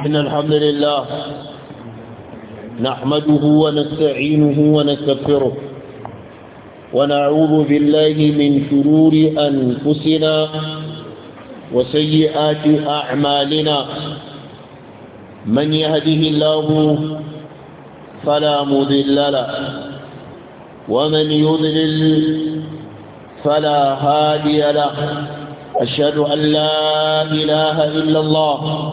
إن الحمد لله نحمده ونستعينه ونستغفره ونعوذ بالله من شرور أنفسنا وسيئات أعمالنا من يهده الله فلا مذل له ومن يضلل فلا هادي له أشهد أن لا إله إلا الله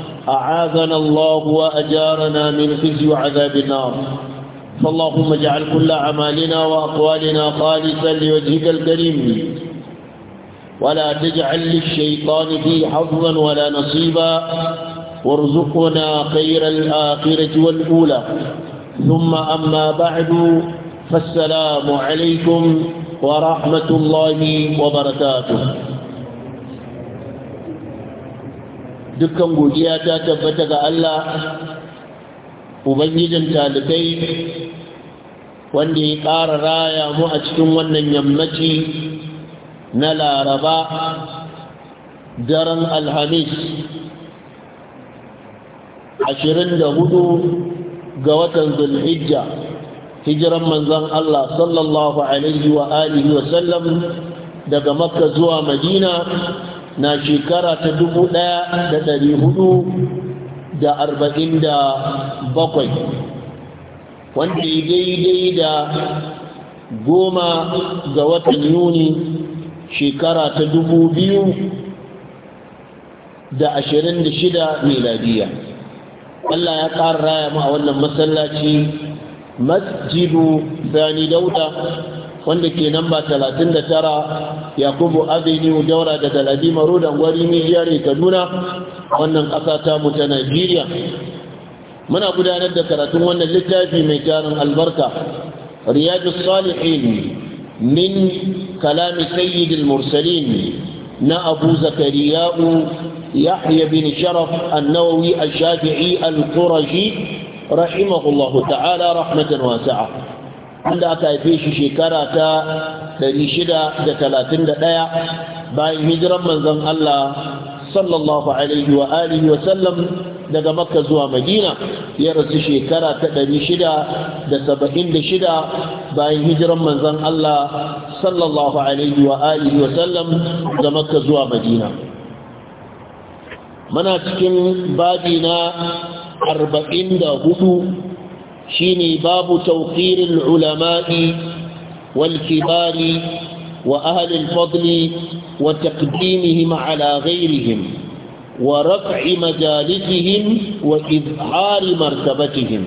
أعاذنا الله وأجارنا من خزي وعذاب النار فاللهم اجعل كل أعمالنا وأقوالنا خالصا لوجهك الكريم ولا تجعل للشيطان في حظا ولا نصيبا وارزقنا خير الآخرة والأولى ثم أما بعد فالسلام عليكم ورحمة الله وبركاته dukkan godiya ta tabbata ga Allah ubangijin talibai wanda ya ƙara raya mu a cikin wannan yammaci na laraba daren alhamis 24 ga watan zulhijja hijiran manzan Allah sallallahu alaihi wa alihi wa sallam daga makka zuwa madina na shekara ta dubu ɗaya da ɗari hudu da arba'in da bakwai wanda ya daidai da goma ga watan yuni shekara ta dubu biyu da ashirin da shida meladiya Allah ya ƙara raya ma a wannan masallaci masjidu zani dauda wanda ke namba 39 yakubu avenue daura da daladi marudan gwari mijiyar kaduna wannan ƙasa tamu ta najeriya muna gudanar da karatun wannan littafi mai tarin albarka riyadu salihin min kalami sayyidil mursalin na abu zakariya'u yahya bin sharaf annawawi al-shafi'i al-qurashi rahimahullahu ta'ala rahmatan wasi'a wanda aka haife shi shekara ta 631 bayan hijiran manzon Allah sallallahu alaihi wa alihi wa sallam daga makka zuwa madina ya rasu shekara ta 676 bayan hijiran manzon Allah sallallahu alaihi wa alihi wa sallam daga makka zuwa madina muna cikin babi na 44 shine babu tawqiril ulama'i wal kibari wa ahli al-fadli wa taqdimihim ala ghayrihim wa raf'i majalisihim wa izhari martabatihim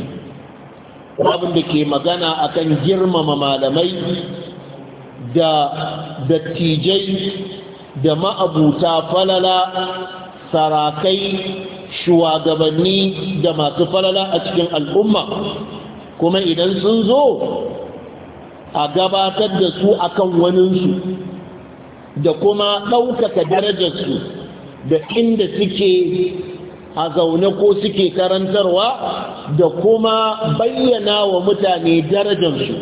abin da ke magana akan girmama malamai da dattijai da ma'abuta falala sarakai shuwagabanni da masu falala a cikin al'umma kuma idan sun zo a gabatar da su akan waninsu da kuma ɗaukaka darajarsu da inda suke a zaune ko suke karantarwa da kuma bayyana wa mutane darajarsu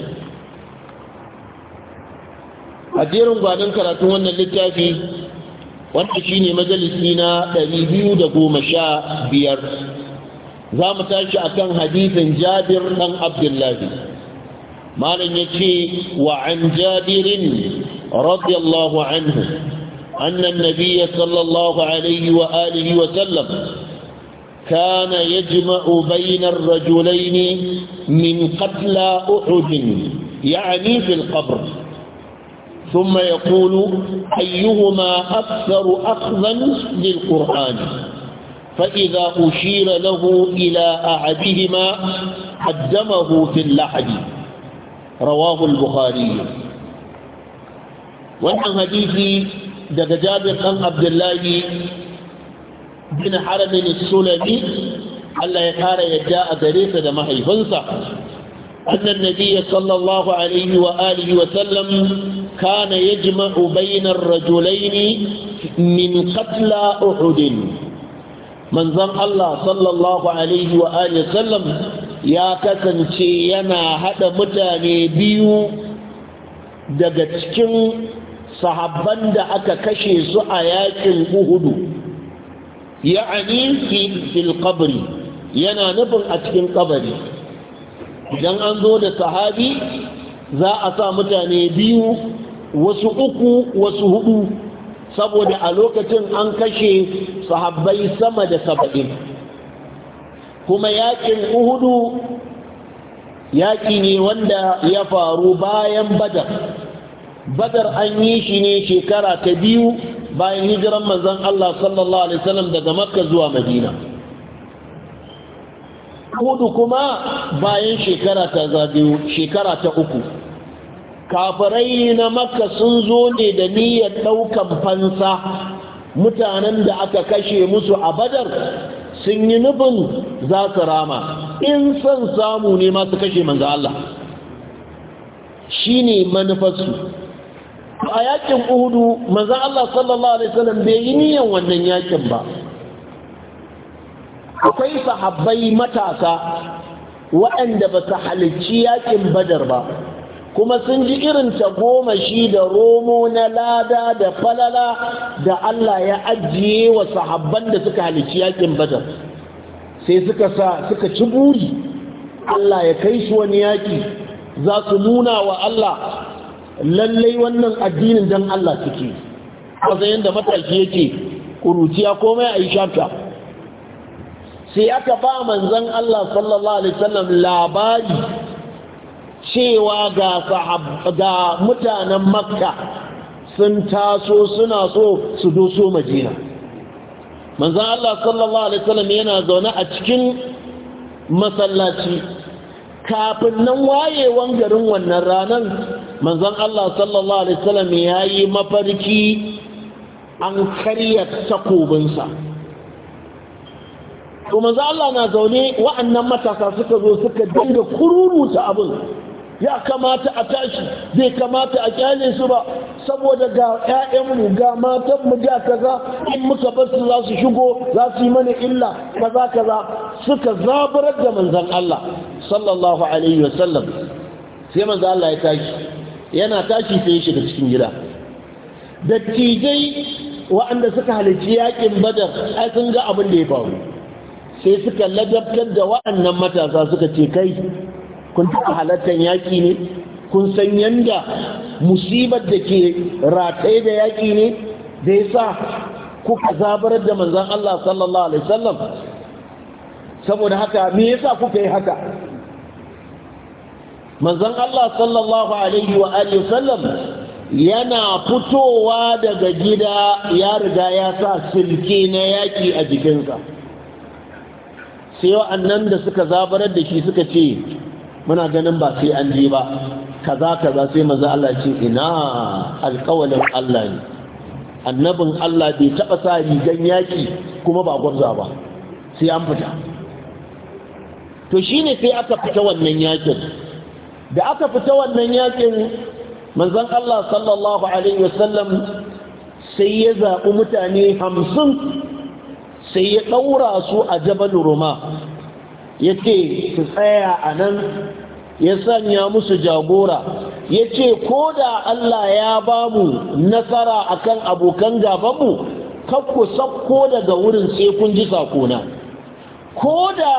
a jerin gwanin karatun wannan littafi wanda shi ne majalisi na biyar. za mu tashi kan hadisin jabir ɗan abdullahi malam yace wa an jabirin radiyallahu anhu anna an-nabiy sallallahu alaihi wa alihi wa sallam كان يجمع بين الرجلين من قتلى أحد يعني في القبر ثم يقول أيهما أكثر أخذا للقرآن فإذا أشير له إلى أحدهما قدمه في اللحد رواه البخاري وعن حديث دقى جابر عن عبد الله بن حرم السلمي الله يقار يجاء دريسة دمه يفنسى أن النبي صلى الله عليه وآله وسلم كان يجمع بين الرجلين من قتلى أحد manzon Allah sallallahu alaihi wa sallam ya kasance yana haɗa mutane biyu daga cikin sahabban da aka kashe su a yakin Uhudu ya'ani fil qabri yana nufin a cikin kabari idan an zo da sahabi za a sa mutane biyu wasu uku wasu hudu saboda a lokacin an kashe sahabbai sama da saba'in kuma yakin uhudu yaki ne wanda ya faru bayan badar badar an yi shi ne shekara ta biyu bayan hijiran manzon Allah sallallahu alaihi wasallam daga makka zuwa madina uhudu kuma bayan shekara ta zagayo shekara ta uku kafirai na maka sun zo ne da niyyar ɗaukan fansa mutanen da aka kashe musu a badar sun yi nufin za su rama in son samu ne masu kashe manzo Allah shi ne manufarsu a yakin uhudu manzo Allah sallallahu alaihi wasallam bai yi niyan wannan yakin ba akwai sahabbai matasa waɗanda ba su halicci yakin badar ba kuma sun ji irin ta goma shi da romo na lada da falala da Allah ya ajiye wa sahabban da suka halici yakin badar sai suka sa suka ci buri Allah ya kai su wani yaki za su nuna wa Allah lallai wannan addinin dan Allah suke matsayin da mataki yake kuruciya komai a yi sai aka ba manzon Allah sallallahu alaihi wasallam labari cewa ga mutanen makka sun taso suna so su doso madina manzan Allah sallallahu alaihi wasallam yana zaune a cikin masallaci kafin nan wayewan garin wannan ranar manzan Allah sallallahu alaihi wasallam ya yi mafarki an karya takobinsa to manzan Allah na zaune wa'annan matasa suka zo suka dinga kururuta abin ya kamata a tashi bai kamata a kyale su ba saboda ga 'ya'yanmu ga matanmu ga kaza in muka basu za su shigo za su yi mana illa kaza kaza suka zaburar da manzan Allah sallallahu alaihi wasallam sai manzon Allah ya tashi yana tashi sai ya shiga cikin gida dattijai waɗanda suka halarci yakin badar ai sun ga abin da ya faru sai suka ladabtar da waɗannan matasa suka ce kai kun taɓa halartar yaƙi ne kun san yanda musibar da ke rataye da yaƙi ne da ya sa kuka zabar da manzan Allah sallallahu alaihi sallam saboda haka me yasa kuka yi haka manzan Allah sallallahu alaihi wa sallam yana fitowa daga gida ya riga ya sa silke na yaƙi a jikinsa sai wa'annan da suka zabarar da shi suka ce muna ganin ba sai an je ba kaza kaza sai manzo Allah ce ina alƙawalin Allah ne annabin Allah bai taɓa sa rigan yaƙi kuma ba gwabza ba sai an fita to shine sai aka fita wannan yakin da aka fita wannan yakin manzon Allah sallallahu alaihi wasallam sai ya zaɓi mutane hamsin sai ya ɗaura su a jabal roma ya ce su tsaya a nan ya sanya musu jagora ya ce ko da Allah ya ba mu nasara akan abokan gabanmu kakku sauko daga wurin sai kun ji sakona ko da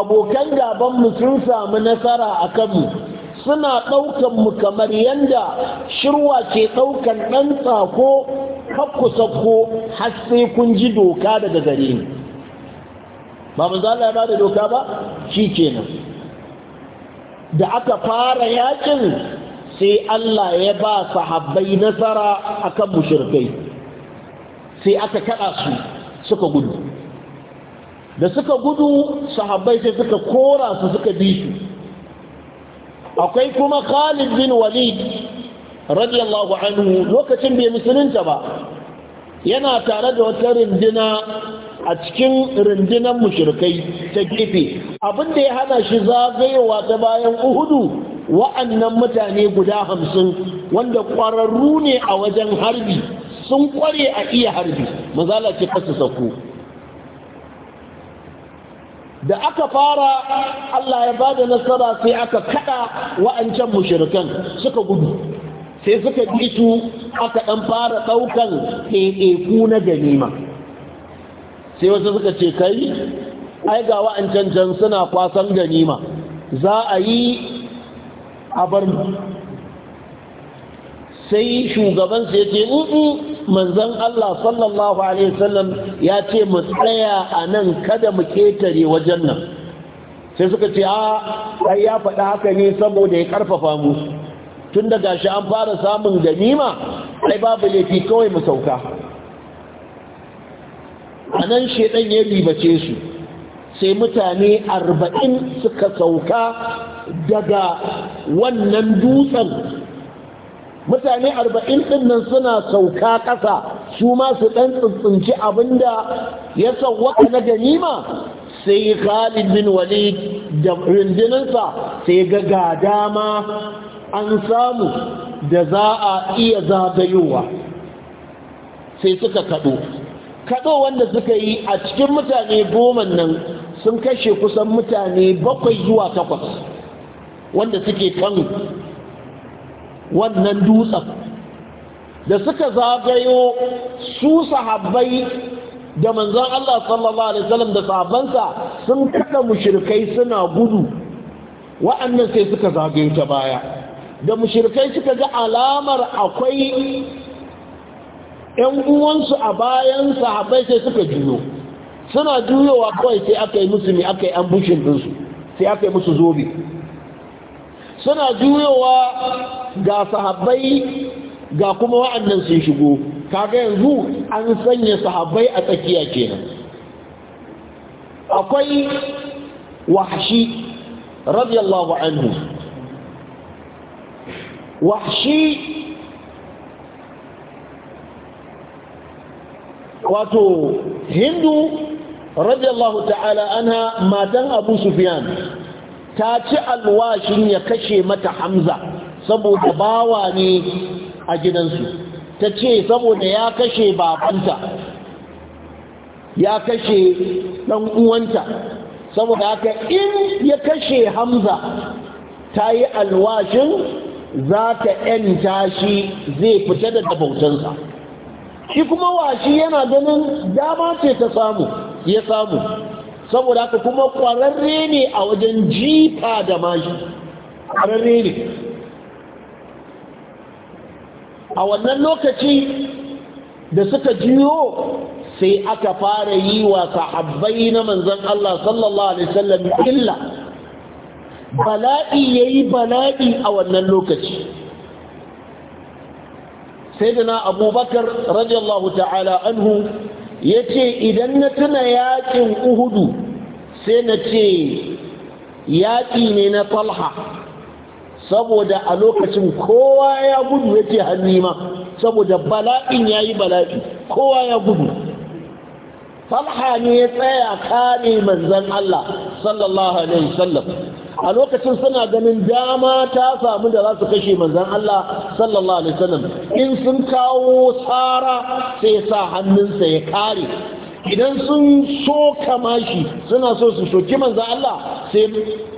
abokan gabanmu sun samu nasara a kanmu suna mu kamar yadda shirwa ke ɗaukan ɗan tsako kakku sauko har sai kun ji doka daga gare ni ba mu za ya da doka ba shi kenan da aka fara yakin sai Allah ya ba sahabbai nasara akan mushrikai sai aka kada su suka gudu da suka gudu sahabbai sai suka kora su suka bi su akwai kuma Khalid bin Walid radiyallahu anhu lokacin bai musulunta ba yana tare da wata rindina a cikin rindinan mushrikai ta gefe abin da ya hana shi zagayowa ta bayan uhudu wa'annan mutane guda hamsin wanda ƙwararru ne a wajen harbi sun ƙware a iya harbi mazala ce kasu sako da aka fara Allah ya ba da nasara sai aka kada wa'ancan mushrikan suka gudu sai suka bitu aka ɗan fara ɗaukan ɗaiɗaiku na ganima sai wasu suka ce kai ai ga wa'ancan can suna kwasan ganima za a yi a bar sai shugaban sai ce uku manzon Allah sallallahu alaihi wasallam ya ce mu tsaya a nan kada mu ketare wajen nan sai suka ce a ai ya faɗa haka ne saboda ya ƙarfafa mu tun da gashi an fara samun ganima ai babu laifi kawai mu sauka a nan shedan ya ribace su sai mutane arba'in suka sauka daga wannan dutsen mutane arba'in ɗinnan suna sauka ƙasa su ma su ɗan tsuntsunci abinda ya sauwaka na ganima sai Khalid bin Walid da rundunansa sai ga dama an samu da za a iya zagayowa sai suka kaɗo kaɗo wanda suka yi a cikin mutane goman nan sun kashe kusan mutane bakwai zuwa takwas wanda suke kan wannan dutsen da suka zagayo su sahabbai da manzon Allah sallallahu alaihi wasallam da sahabbansa sun kada mushrikai suna gudu wa'annan sai suka zagayo ta baya da mushirkai suka ga alamar akwai ‘yan uwansu a bayan sahabai sai suka juyo suna juyowa kawai sai aka yi musu aka yi ambushin ɗinsu sai aka yi musu zobe suna juyowa ga sahabai ga kuma wa'annan sun shigo kaga yanzu an sanya sahabai a tsakiya kenan akwai wahashi radiyallahu anhu wahshi wato hindu radiyallahu ta'ala anha matan abu sufiyan ta ci alwashin ya kashe mata hamza saboda bawa ne a gidansu ta ce saboda ya kashe babanta ya kashe ɗan uwanta saboda haka in ya kashe hamza ta yi alwashin za yan ‘yanta shi zai fita da bautansa shi kuma washi yana ganin dama ce ta samu ya samu saboda haka kuma ƙwararre ne a wajen jifa da mashi kwararre ne a wannan lokaci da suka jiyo sai aka fara yi wa sahabbai na manzan Allah sallallahu Alaihi wasallam illa bala'i ya yi bala'i a wannan lokaci sai da na abubakar radiyallahu ta'ala anhu ya ce idan na tuna yaƙin uhudu sai na ce yaƙi ne na falha saboda a lokacin kowa ya gudu ya ce hannima saboda bala'in ya yi bala'i kowa ya gudu falha ne ya tsaya kane manzan Allah sallallahu alaihi sallam a lokacin suna ganin dama ta samu da za su kashe manzan Allah sallallahu alaihi wasallam in sun kawo tsara sai sa hannunsa ya kare idan sun kama shi suna so su soki manzan Allah sai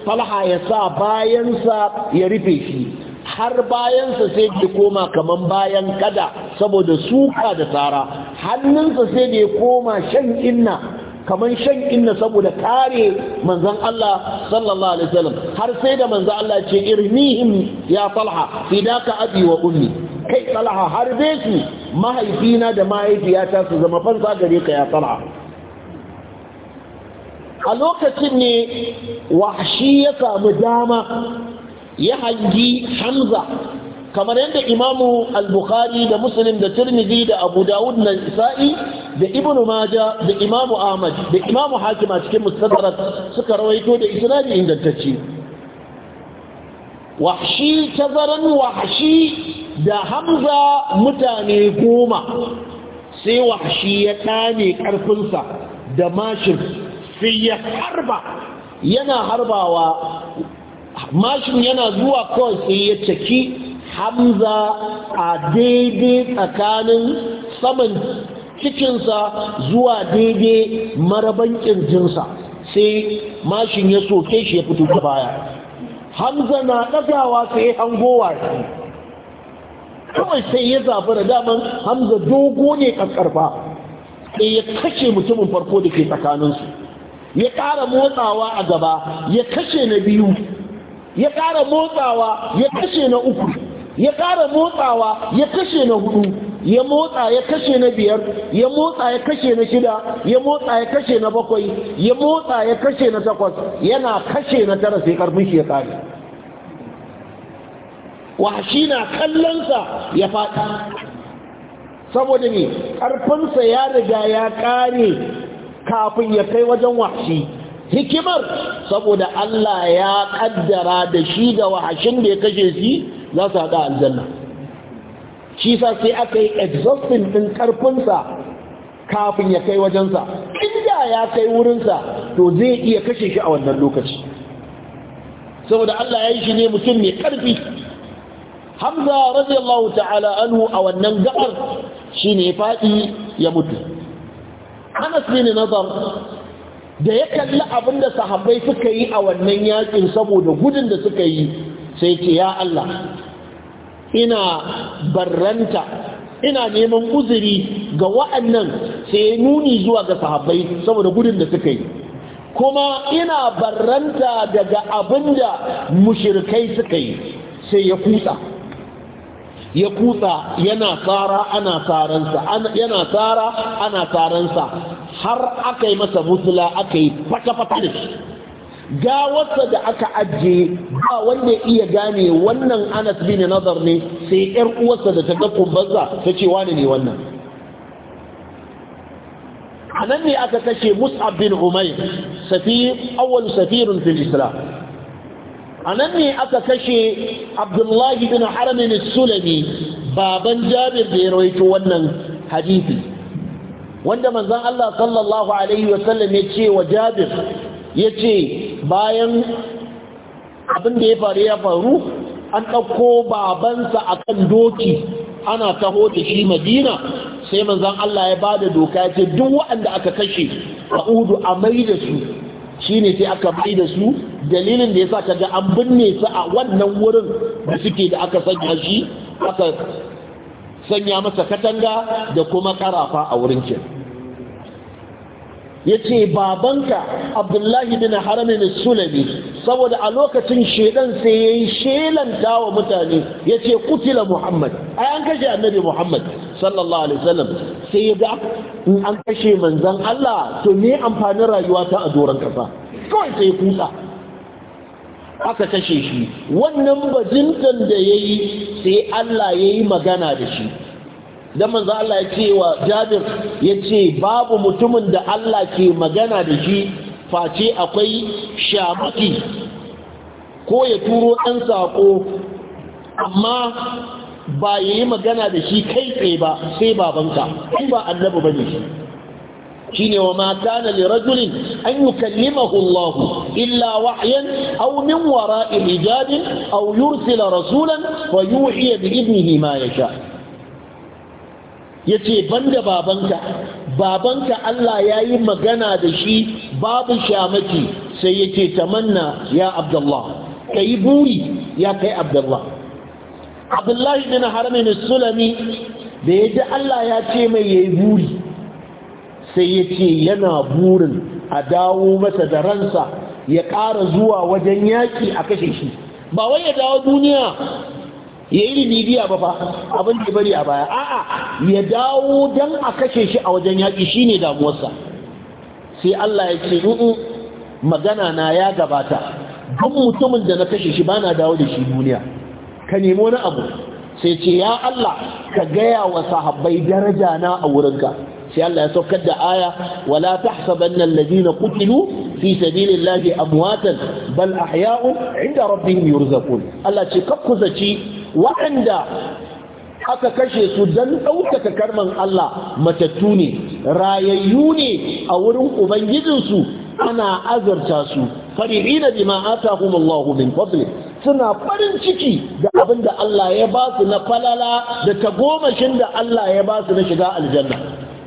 falha ya sa bayansa ya rufe shi har bayansa sai ya koma kaman bayan kada saboda suka da tsara hannunsa sai da ya koma shan inna kamar shan inna saboda kare manzon Allah sallallahu alaihi wasallam har sai da manzon Allah ce irmihim ya talha fidaka abi wa ummi kai talha har su mahaifina da mahaifiyata su zama fansa gare ka ya talha a lokacin ne wahshi ya samu dama ya hangi hamza kamar yadda imamu al-bukhari da muslim da tirmidhi da abu dawud na isa'i da ibnu maja da imamu ahmad da imamu hakim a cikin mustadrak suka rawaito da isnadi ingantacce wahshi tazaran wahshi da hamza mutane goma sai wahshi ya kane karfinsa da mashin sai ya harba yana harbawa mashin yana zuwa kawai sai ya caki hamza a daidai tsakanin saman cikinsa zuwa daidai maraban ƙirjinsa sai mashin ya soke shi ya fito ta baya hamza na ɗagawa sai hangowa shi kawai sai ya zafi da daman hamza dogo ne ƙasƙarfa sai ya kashe mutumin farko da ke tsakaninsu ya ƙara motsawa a gaba ya kashe na biyu ya ƙara motsawa ya kashe na uku ya ƙara motsawa ya kashe na hudu ya motsa ya kashe na biyar ya motsa ya kashe na shida ya motsa ya kashe na bakwai ya motsa ya kashe na takwas yana kashe na tara sai karfin shi ya kare washi na kallonsa ya faɗi saboda ne karfinsa ya riga ya ƙare kafin ya kai wajen washi hikimar saboda Allah ya kaddara da shi da wahashin da ya kashe shi za su haɗa aljanna shi sa sai aka yi exhausting ɗin ƙarfinsa kafin ya kai wajensa inda ya kai wurinsa to zai iya kashe shi a wannan lokaci saboda Allah ya yi shi ne mutum mai ƙarfi hamza radiyallahu ta'ala anhu a wannan gabar ne faɗi ya mutu anas bin nazar da ya kalli abin da sahabbai suka yi a wannan yakin saboda gudun da suka yi sai ce ya Allah ina barranta ina neman uzuri ga wa'annan sai ya nuni zuwa ga sahabbai saboda gudun da suka yi kuma ina barranta daga abin da mushirkai suka yi sai ya kutsa ya kutsa yana tsara ana tsaransa yana tsara ana tsaransa har aka yi masa butula aka yi fata-fata da shi gawarsa da aka ajiye ba wanda ya iya gane wannan anas bin nazar ne sai yar uwarsa da ta ga kumbansa ta ce wani ne wannan a nan ne aka kashe mus'ab bin umayr safir awwal safirun fil islam a nan ne aka kashe abdullahi bin haramin sulami baban jabir da ya rawaito wannan hadisi wanda manzan Allah sallallahu alaihi wasallam ya ce wa jabir ya ce bayan abin da ya faru ya faru an ɗauko babansa a kan doki ana taho da shi madina sai manzon Allah ya ba da doka ya ce duk waɗanda aka kashe a udu a mai da su Shi ne sai aka bai da su dalilin da yasa kaga an binne su a wannan wurin da suke da aka sanya shi aka sanya masa katanga da kuma karafa a wurin Ya yace babanka Abdullahi bin Haramin Sulami saboda a lokacin shedan sai yayi shelan wa mutane yace kutila Muhammad ayan kashe annabi Muhammad sallallahu alaihi wasallam sai ya ga in an kashe manzan Allah to ne amfanin rayuwa ta a doron kasa kawai sai kusa aka kashe shi wannan bajintan da ya yi sai Allah ya yi magana da shi don manzan Allah ya ce wa Jabir ya ce babu mutumin da Allah ke magana da shi face akwai shamaki ko ya turo ɗan saƙo amma ba ya yi magana da shi kai tsaye ba sai babanka in ba annabi ba ne shi shi ne wa mata na rajulin an yi kallimahu Allah illa wahyan aw min wara'i hijabin aw yursila rasulan wa yuhiya bi ibnihi ma yasha yace banda babanka babanka Allah ya yi magana da shi babu shamaki sai yake tamanna ya abdullah kai buri ya kai abdullah abdullahi bin haramin sulami da ya ji Allah ya ce mai ya yi buri sai ya ce yana burin a dawo masa da ransa ya ƙara zuwa wajen yaƙi a kashe shi ba wai ya dawo duniya ya yi libiya ba fa abin da bari a baya a'a ya dawo don a kashe shi a wajen yaƙi shi ne damuwarsa sai Allah ya ce nu'u magana na ya gabata don mutumin da na kashe shi ba na dawo da shi duniya ka nemi wani abu sai ce ya Allah ka gaya wa sahabbai daraja na a wurinka sai Allah ya saukar da aya wala tahsabanna alladhina qutilu fi sabilillahi amwatan bal ahya'un 'inda rabbihim yurzaqun Allah ce kakkuzaci waɗanda aka kashe su dan ɗaukaka karman Allah matattu ne rayayyu ne a wurin ubangijinsu ana azarta su fari'ina bima atahum Allahu min fadli suna farin ciki da abin da Allah ya ba su na falala da tagomashin da Allah ya ba su na shiga aljanna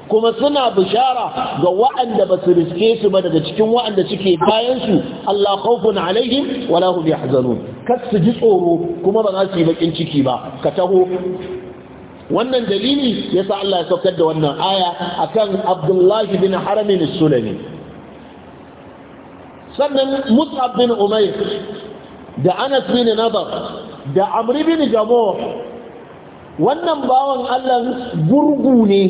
kuma suna bishara ga waɗanda ba su riske su ba daga cikin waɗanda suke bayan su Allah khawfun alaihim wala hum yahzanun kas su ji tsoro kuma ba za su yi bakin ciki ba ka taho wannan dalili yasa Allah ya saukar da wannan aya akan Abdullahi bin Haramin Sulami sannan Mus'ab bin Umair da anas bin nadar da amri bin jamo wannan bawan allah gurgu ne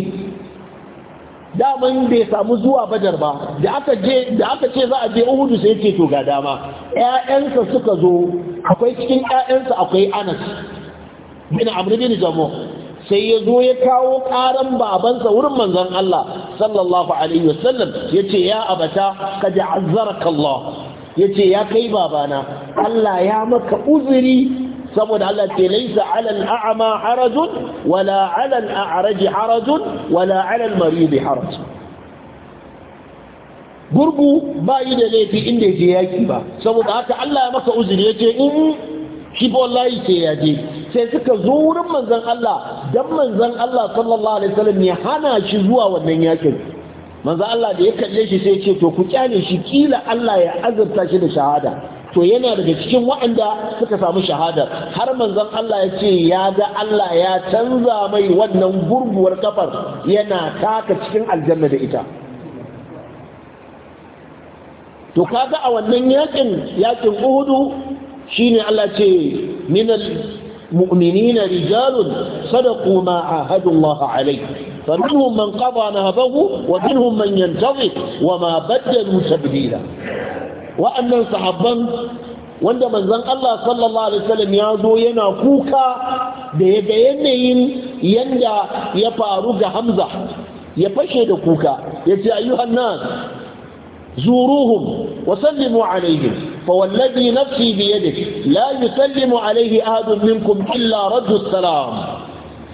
daman bai samu zuwa badar ba da aka je da aka ce za a je uhudu sai ce to ga dama ƴaƴansa suka zo akwai cikin ƴaƴansa akwai anas bin amri bin jamo sai ya zo ya kawo ƙaran babansa wurin manzon Allah sallallahu alaihi wasallam yace ya abata kad azzaraka Allah yace ya kai babana Allah ya maka uzuri saboda Allah ce laisa alal a'ma harajun wala alal a'raji harajun wala alal maridi haraj gurgu ba yi da laifi inda je yaki ba saboda haka Allah ya maka uzuri yace in mm, shi ba wallahi ce ya je sai suka zo wurin manzon Allah dan manzon Allah sallallahu alaihi wasallam ya hana shi zuwa wannan yakin manzon Allah da ya kalle shi sai ya ce to ku kyale shi kila Allah ya azurta shi da shahada to yana daga cikin waɗanda suka samu shahadar har manzon Allah ya ce ya ga Allah ya canza mai wannan gurguwar kafar yana taka cikin aljanna da ita to kaga a wannan yakin yakin Uhudu shine Allah ce min mu'minina rijalun sadaqu ma ahadu Allah alayhi فمنهم من قضى نهبه ومنهم من ينتظر وما بدلوا تبديلا wa'annan sahabban wanda manzon Allah sallallahu alaihi wasallam ya zo yana kuka da ya ga yanayin yanda ya faru ga Hamza ya fashe da kuka yace ayyuhan nas زوروهم وسلموا عليهم فوالذي نفسي بيده لا يسلم عليه أحد منكم إلا رد السلام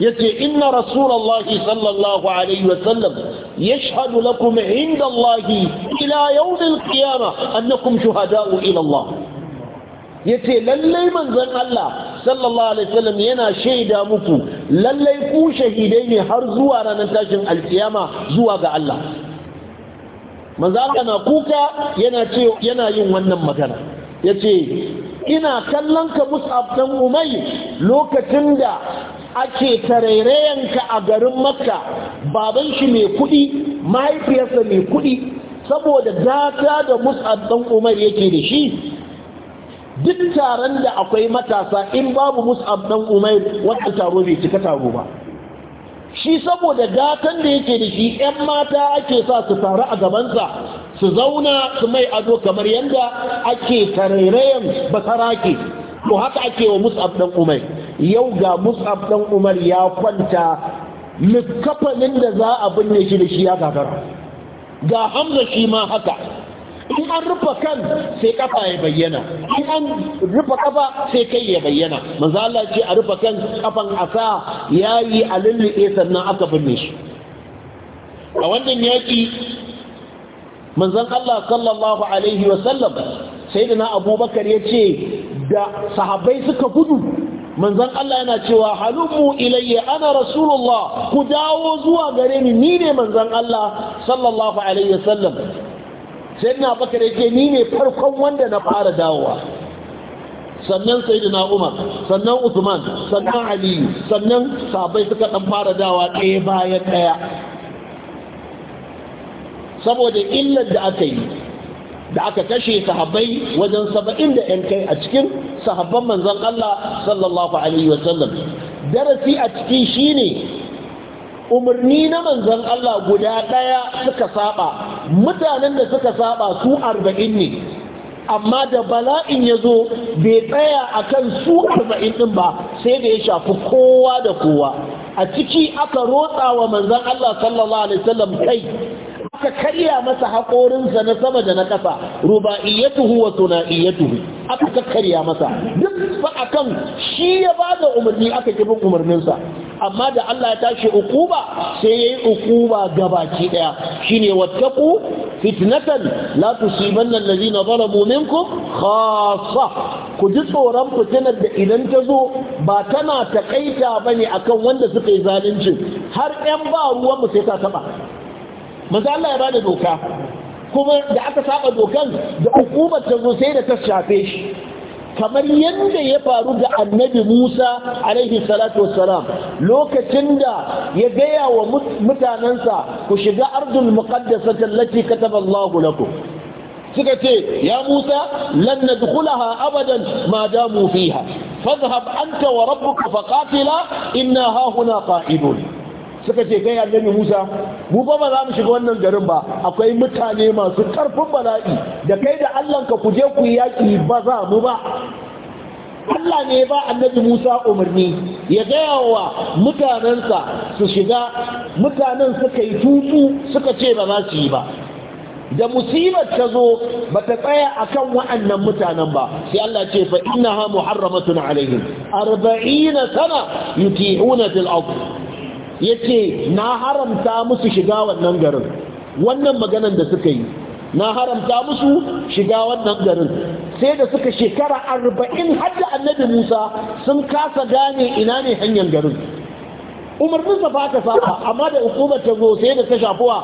يتي إن رسول الله صلى الله عليه وسلم يشهد لكم عند الله إلى يوم القيامة أنكم شهداء إلى الله yace lallai manzon Allah sallallahu alaihi wasallam yana shaida muku lallai ku shahidai ne har zuwa ranar tashin alkiyama zuwa ga Allah manzo Allah na kuka yana ce yana yin wannan magana yace ina kallon ka Mus'ab dan Umayy lokacin da ake tarairayen ka a garin Makka baban shi mai kudi mahaifiyarsa mai kudi saboda data da mus'ab dan umar yake da shi duk taron da akwai matasa in babu mus'ab dan umar wata taro bai cika taro ba shi saboda gatan da yake da shi 'yan mata ake sa su taru a gabansa su zauna su mai ado kamar yadda ake tarairayen basarake to haka ake wa mus'ab dan umar yau ga mus'ab dan umar ya kwanta likafanin da za a binne shi da shi ya gagara ga hamza shi ma haka in an rufe kan sai kafa ya bayyana in an rufe kafa sai kai ya bayyana manzo ce a rufe kan kafan asa yayi a lulluɓe sannan aka binne shi a wannan yaki manzon Allah sallallahu alaihi wasallam sayyidina Abubakar ya ce da sahabbai suka gudu manzon Allah yana cewa halummu ilayya ana rasulullah ku dawo zuwa gare ni ni ne manzon Allah sallallahu alaihi wasallam na bakar yake ni ne farkon wanda na fara dawowa sannan sayyidina umar sannan usman sannan ali sannan sahabbai suka dan fara dawa ɗaya bayan ɗaya saboda illar da aka yi da aka kashe sahabbai wajen saba'in da ‘yan kai a cikin sahabban manzon Allah sallallahu Alaihi wasallam darasi a ciki shine umarni na manzan Allah guda ɗaya suka saba mutanen da suka saba su arba'in ne amma da bala'in ya zo bai tsaya a kan su arba'in ɗin ba sai da ya shafi kowa da kowa a ciki aka rotsa wa manzan Allah sallallahu Alaihi wasallam kai aka karya masa haƙorinsa na sama da na ƙasa iyatuhu wa tuna'iyyatuhu aka karya masa duk fa akan shi ya ba da umarni aka kibi umarninsa amma da Allah ya tashi ukuba sai yayi ukuba gabaki daya shine ku fitnatan la tusibanna allazina zalamu minkum khassa ku ji tsoron fitinar da idan ta zo ba tana takaita bane akan wanda suka yi zalunci har yan ba ruwan mu sai ta taɓa. maza Allah ya bada doka kuma da aka saba dokan da hukumar ta zo sai da ta shafe shi kamar yadda ya faru da annabi Musa alaihi salatu wassalam lokacin da ya gaya wa mutanensa ku shiga ardul muqaddasata allati kataba Allahu lakum suka ce ya Musa lan nadkhulaha abadan ma damu fiha fadhhab anta wa rabbuka faqatila inna hahuna qa'idun suka ce kai annabi musa mu ba ba za mu shiga wannan garin ba akwai mutane masu karfin bala'i da kai da allah ka kuje ku yaki ba za mu ba Allah ne ba annabi Musa umarni ya gaya wa mutanensa su shiga mutanen suka yi tutu suka ce ba za su yi ba da musibar ta zo ba ta tsaya a kan wa'annan mutanen ba sai Allah ce fa inna ha muharramatun alaihim arba'ina sana yuti'una fil ardh ya ce na haramta musu shiga wannan garin wannan maganan da suka yi na haramta musu shiga wannan garin sai da suka shekara arba'in da annabi musa sun kasa gane ina ne hanyar garin umarninsa ba ka sa'a amma da hukumar ta zo sai da ta shafuwa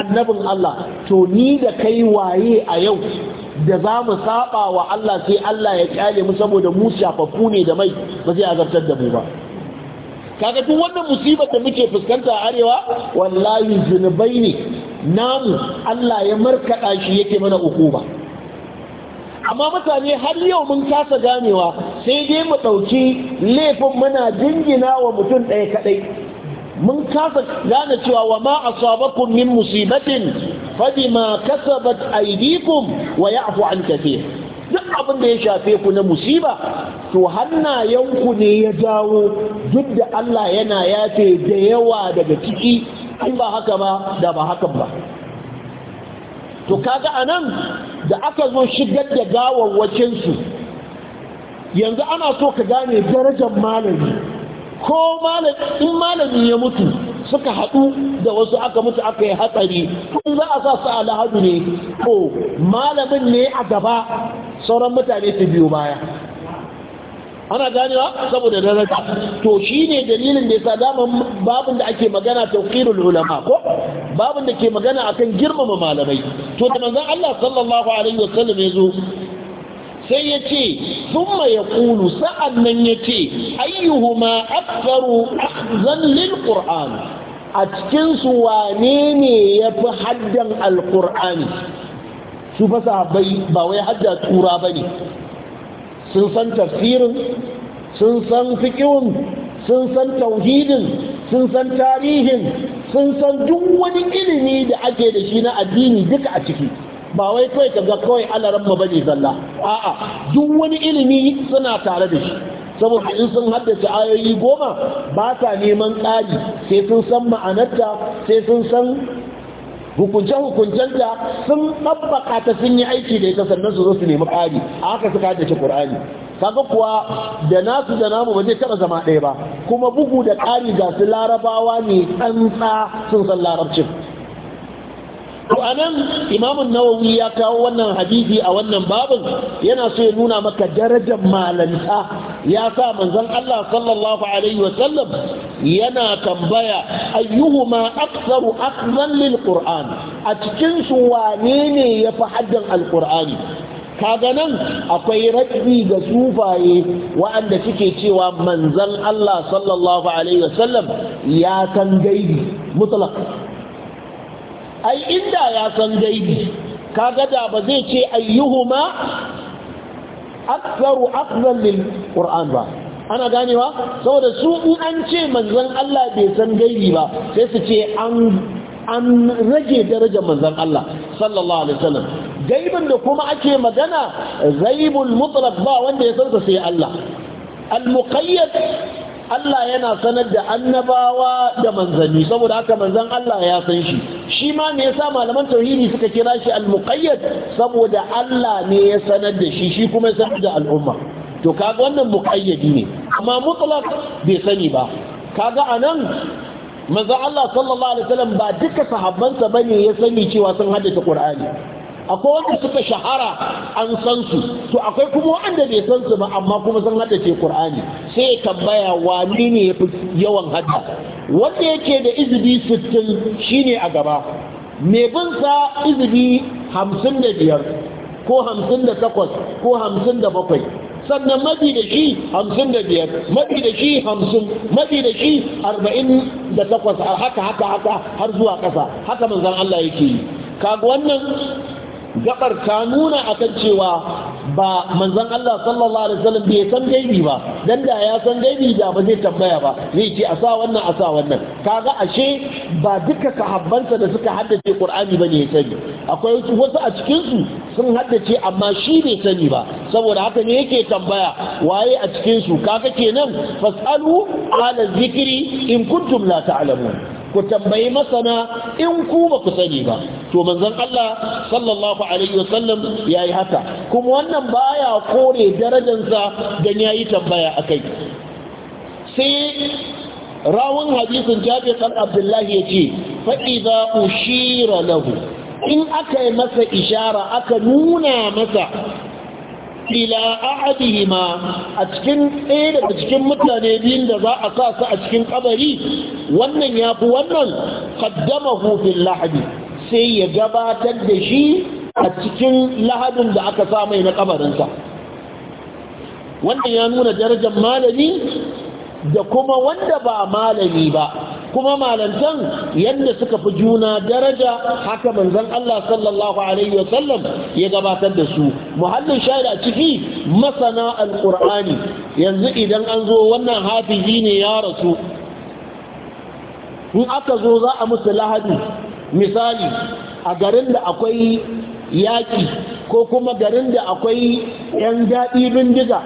annabin allah to ni da kai waye a yau da za mu saba wa allah sai allah ya kyale mu saboda mu shafaffu ne da mai ba zai azabtar da mu ba kaga duk wannan musibar da muke fuskanta a arewa wallahi zunubai ne namu Allah ya markaɗa shi yake mana hukuma amma mutane har yau mun kasa ganewa sai dai mu ɗauki laifin muna jingina wa mutum ɗaya kaɗai mun kasa gane cewa wa ma asabakum min musibatin fadima kasabat aydikum wa ya'fu an kathir duk abin da ya shafe ku na musiba to hannayenku ne ya dawo duk da Allah yana yafe da yawa daga ciki in ba haka ba da ba haka ba to kaga anan da aka zo shigar da su yanzu ana so ka gane darajar malami ko in malami ya mutu suka haɗu da wasu aka mutu aka yi hatsari tun za a sa su alhadu ne ko malamin ne a gaba sauran mutane su biyo baya ana ganewa saboda daraja to ne dalilin da yasa daman babin da ake magana tawqirul ulama ko babin da ke magana akan girmama malamai to da manzon Allah sallallahu alaihi wasallam yazo sai yace ya yaqulu sa'annan yace ayyuhuma aktharu akhzan lil qur'an a cikin su wane ne yafi haddan alqur'ani su fasa bai ba wai hadda tura ba ne sun san tafsirin sun san fikin sun san tauhidin sun san tarihin sun san duk wani ilimi da ake da shi na addini duka a ciki ba wai kawai kaga kawai alaran ma bane zalla a'a duk wani ilimi suna tare da shi saboda in sun haddace ayoyi goma ba ta neman tsari sai sun san ma'anarta sai sun san hukunce hukuncenta sun ɓaɓɓaka ta sun yi aiki da ita sannan su zo su nemi ƙari a haka suka haddace ƙur'ani kaga kuwa da nasu da namu ba zai taɓa zama ɗaya ba kuma bugu da ƙari ga su larabawa ne tsantsa sun san larabcin to nan, imamun nawawi ya kawo wannan hadisi a wannan babin yana so ya nuna maka darajar malanta ya sa manzon Allah sallallahu alaihi wasallam yana tambaya ayyuhuma aktsaru akhzan lil qur'an a cikin su wane ne yafi haddan alqur'ani kaga nan akwai raddi ga sufaye waɗanda suke cewa manzon Allah sallallahu alaihi wasallam ya kan gaibi mutlaq ai inda ya san gaibi kaga da ba zai ce ayyuhuma aktharu afdal lil qur'an ba ana ganewa saboda su in an ce manzon Allah bai san gaibi ba sai su ce an an rage darajar manzon Allah sallallahu alaihi wasallam gaibin da kuma ake magana ghaibul mutlaq ba wanda ya san sai Allah al muqayyad Allah yana sanar da annabawa da manzanni saboda haka manzan Allah ya san shi shi ma me yasa malaman tauhidi suka kira shi al-muqayyad saboda Allah ne ya sanar da shi shi kuma ya sanar da al'umma to kaga wannan muqayyadi ne amma mutlaq bai sani ba kaga anan manzan Allah sallallahu alaihi wasallam ba duka sahabbansa bane ya sani cewa sun haddace Qur'ani akwai wanda suka shahara an san su to akwai kuma wanda bai san su ba amma kuma sun hada ce Qur'ani sai ya tambaya wani ne yafi yawan hadda wanda yake da izbi 60 shine a gaba me bin sa izibi 55 ko 58 ko 57 sannan mafi da shi 55 mafi da shi 50 mafi da shi 48 haka haka haka har zuwa ƙasa haka manzon Allah yake yi kaga wannan gabar ta nuna akan cewa ba manzon Allah sallallahu alaihi wasallam bai san gaibi ba dan da ya san gaibi da ba zai tambaya ba zai ce a sa wannan a sa wannan kaga ashe ba duka sahabbansa da suka haddace Qur'ani bane ya sani akwai wasu a cikin su sun haddace amma shi bai sani ba saboda haka ne yake tambaya waye a cikin su kaga kenan fasalu ala zikri in kuntum la ta'lamun ku tambayi masana in ku ba ku sani ba to manzon Allah sallallahu alaihi wasallam yayi haka kuma wannan baya kore darajansa dan yayi tambaya akai sai rawun hadisin jabir dan abdullahi yace fa idza ushira lahu in aka yi masa ishara aka nuna masa ila ahadihima a cikin ɗaya daga cikin mutane biyun da za a sa su a cikin kabari wannan yafi wannan kaddama hufin lahadi sai ya gabatar da shi a cikin lahadin da aka sa mai na kabarinsa wannan ya nuna darajar malami da kuma wanda ba malami ba kuma malantan yadda suka fi juna daraja haka manzon Allah sallallahu alaihi wasallam ya gabatar da su muhallin shaida ciki masana alqur'ani yanzu idan an zo wannan hafi ne ya rasu in aka zo za a musu lahadi misali a garin da akwai yaƙi ko kuma garin da akwai 'yan daɗi bindiga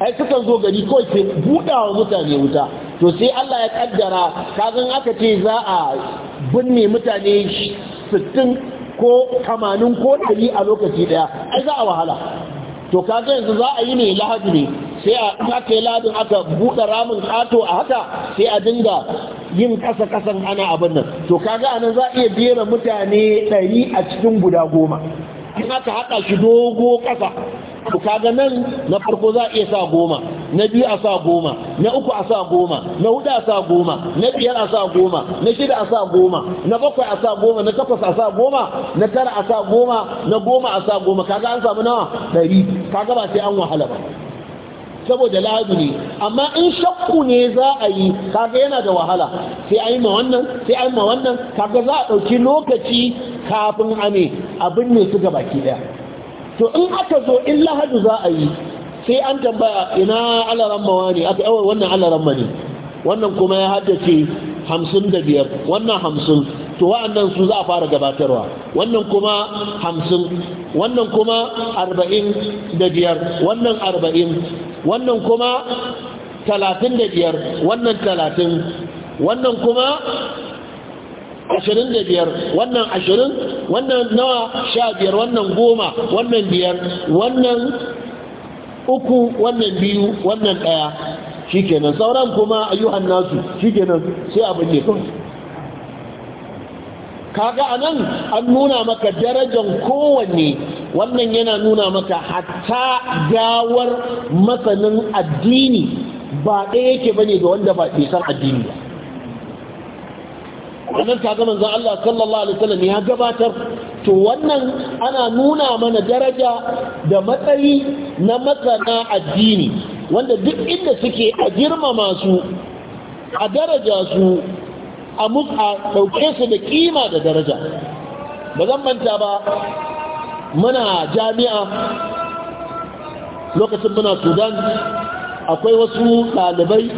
ai sukan zo gari kawai ke buɗawa mutane wuta to sai Allah ya ƙaddara kazan aka ce za a binne mutane 60 ko 80 ko 100 a lokaci ɗaya ai za a wahala to kaga yanzu za a yi ne lahadi ne sai a in aka yi ladin aka buɗe ramin ƙato a haka sai a dinga yin ƙasa ƙasan ana abin nan to kaga a nan za a iya jera mutane ɗari a cikin guda goma in aka haɗa shi dogo ƙasa to kaga nan na farko za a iya sa goma na biyu a sa goma na uku a sa goma na hudu a sa goma na biyar a sa goma na shida a sa goma na bakwai a sa goma na takwas a sa goma na tara a sa goma na goma a sa goma kaga an samu nawa ɗari kaga ba sai an wahala ba saboda lahadu ne amma in shakku ne za a yi kaga yana da wahala sai a yi ma wannan sai a yi ma wannan kaga za a ɗauki lokaci kafin a ne abin ne su baki ɗaya to in aka zo in lahadu za a yi sai an tambaya ina alaramma ne aka yawan wannan alaramma ne wannan kuma ya haddace hamsin da biyar wannan hamsin to wa'annan su za a fara gabatarwa wannan kuma hamsin wannan kuma arba'in da biyar wannan arba'in wannan kuma talatin da biyar wannan talatin wannan kuma ashirin da biyar wannan ashirin wannan nawa sha biyar wannan goma wannan biyar wannan uku wannan biyu wannan ɗaya shi kenan sauran kuma ayyuhan nasu shi kenan sai abin ne kawai kaga anan an nuna maka darajar kowanne wannan yana nuna maka hatta gawar masanin addini ba ɗaya yake bane ga wanda ba ke san addini ba wannan kaga manzon Allah sallallahu alaihi wasallam ya gabatar to wannan ana nuna mana daraja da matsayi na masana addini wanda duk inda suke a girmama su a daraja su a ɗauke su da ƙima da daraja ba zan manta ba muna jami'a lokacin muna sudan akwai wasu ɗalibai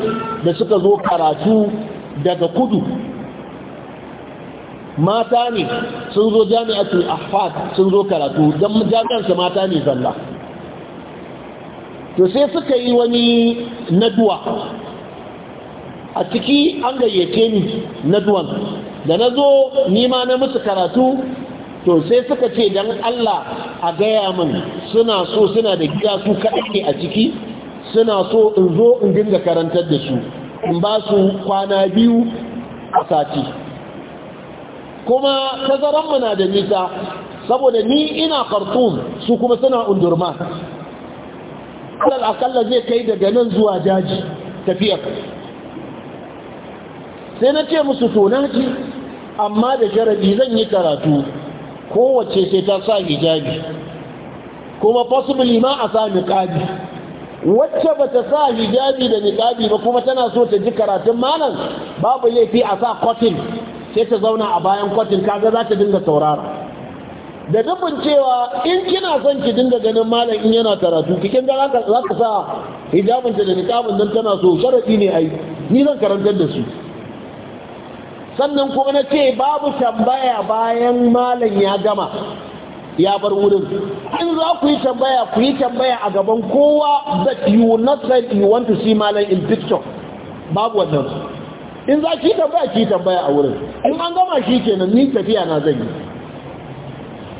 da suka zo karatu daga kudu mata ne sun zo jami'atul ahfad sun zo karatu don jami'arsa mata ne zalla to sai suka yi wani naduwa a ciki an gayyace ni na zuwan da na zo nima na musu karatu to sai suka ce don Allah a gaya min suna so suna da gida su kaɗai ne a ciki suna so in zo in dinga karantar da su in ba su kwana biyu a sati kuma tazaranmu na da nisa saboda ni ina khartoum su kuma suna undurma alal akalla zai kai daga nan zuwa daji tafiyar sai na ce musu tonaki, amma da sharaɗi zan yi karatu kowace sai ta sa hijabi kuma possibly ma a sa niqabi wacce ba ta sa hijabi da niqabi ba kuma tana so ta ji karatun malam babu laifi a sa cotton sai ta zauna a bayan cotton kaga za ta dinga saurara da dubin cewa in kina son ki dinga ganin malam in yana karatu cikin ga za ka sa hijabinta da niqabin don tana so sharadi ne ai ni zan karantar da su sannan kuma na ce babu tambaya bayan malam ya gama ya bar wurin in za ku yi tambaya ku yi tambaya a gaban kowa that you not say you want to see malam in picture babu wannan in za ki tambaya ki tambaya a wurin in an gama shi kenan ni tafiya na zan yi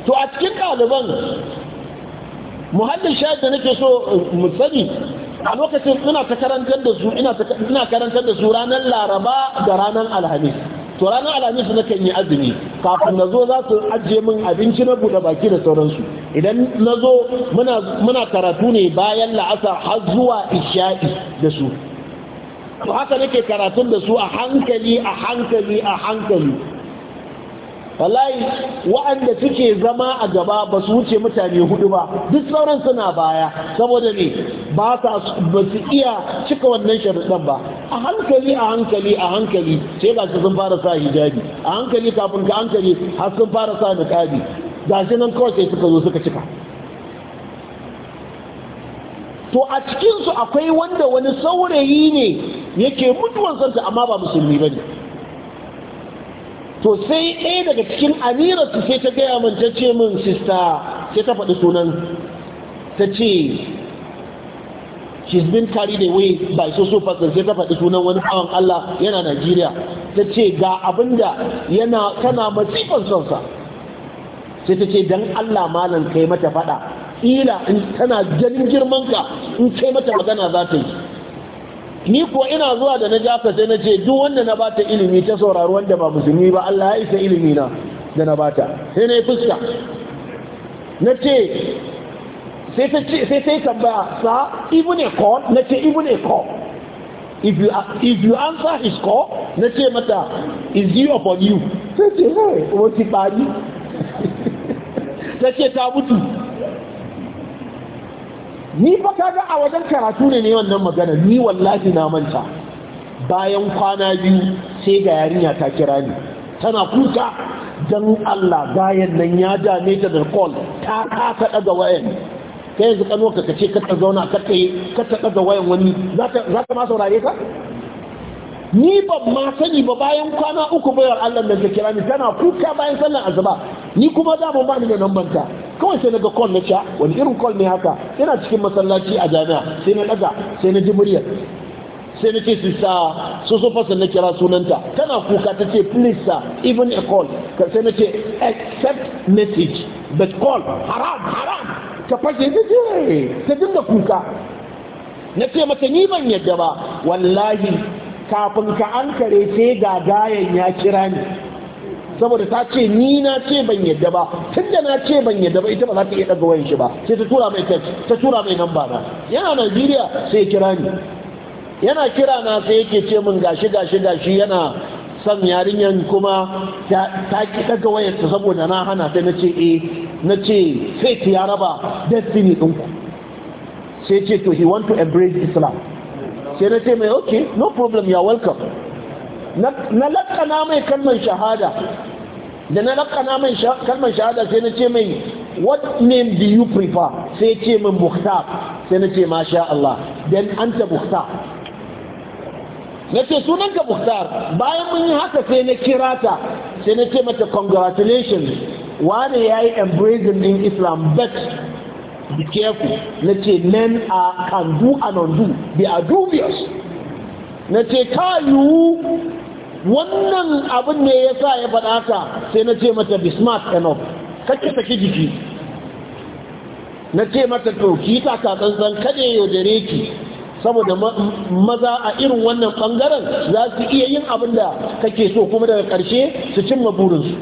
to a cikin ɗaliban muhallin shayar da nake so eh, mu sani a lokacin ina karantar da su ranar laraba da ranar alhamis to ranar alhamis na kan yi azumi kafin na zo za su ajiye min abinci na buɗe baki da sauransu idan na zo muna karatu ne bayan la'asar har zuwa isha'i da su to haka nake karatun da su a hankali a hankali a hankali wallahi waɗanda suke zama a gaba ba su wuce mutane hudu ba duk sauran suna baya saboda ne ba su iya cika wannan sharuɗan ba a hankali a hankali a hankali sai ga sun fara sa hijabi a hankali kafin ka hankali har sun fara sa niqabi ga shi nan kawai sai suka zo suka cika to a cikinsu akwai wanda wani saurayi ne yake mutuwan santa amma ba musulmi bane ne to sai ɗaya daga cikin amiratu sai ta gaya min ta ce min sista sai ta faɗi sunan ta ce she's been carried away by so so person sai ta faɗi sunan wani hawan Allah yana Najeriya ta ce ga abinda yana tana masifan sonsa sai ta ce don Allah malam kai mata faɗa ila in tana ganin girmanka in kai mata magana za ta yi ni ko ina zuwa da na jafa sai na ce duk wanda na bata ilimi ta sauraro wanda ba musulmi ba Allah ya isa ilimi na da na bata sai na yi fuska na ce sai sai yi tambaya sa even a call na ce even a call if you, if you answer his call na ce mata is he upon you sai ce hey wata ɓari sai ce ta mutu ni fa kaga a wajen karatu ne ne wannan magana ni wallahi na manta bayan kwana biyu sai ga yarinya ta kira ni tana kuka dan Allah bayan nan ya dame ta da call ta kasa daga wayan kai yanzu kano ka kace ka zauna ka kai ka ta daga wayan wani za ka ma saurare ka ni ba ma sani ba bayan kwana uku bayar Allah da ta kira ni tana kuka bayan sallar asuba ni kuma da ban ba ni da nan banta kawai sai na ga call na ca wani irin call ne haka yana cikin masallaci a jami'a sai na daga sai na ji muryar sai na ce su sa su so fasa na kira sunanta tana kuka ta ce please sir even a call ka sai na ce accept message but call haram haram ta fashe ta ce ta dinga kuka na ce mata ni ban yadda ba wallahi kafin ka an kare sai ga gayan ya kira ni saboda ta ce ni na ce ban yadda ba tun da na ce ban yadda ba ita ba za ta iya daga wayan shi ba sai ta tura mai text ta tura mai namba na yana Najeriya sai ya kira ni yana kira na sai yake ce min gashi gashi gashi yana son yarinyan kuma ta ki daga wayarsa saboda na hana sai na ce eh na ce fate ya raba destiny ɗinku sai ce to he want to embrace islam sai na ce mai ok no problem you welcome na lakana mai kalmar shahada da na lakana mai kalmar shahada sai na ce mai what name do you prefer sai ce min bukta sai na ce masha Allah dan anta bukta. nace ce sunan ka bayan mun yi haka sai na kira ta sai na ce mata congratulations Wani ya yi embracing din islam but be careful na ce men are can do and undo they are dubious na ce ka yiwu wannan abin ne ya sa ya faɗa ta sai na ce mata bismarck enough kake saki jiki na ce mata to ki ta kaɗe yau yaudare ki saboda maza a irin wannan ɓangaren za su iya yin abin da kake so kuma daga ƙarshe su cimma burinsu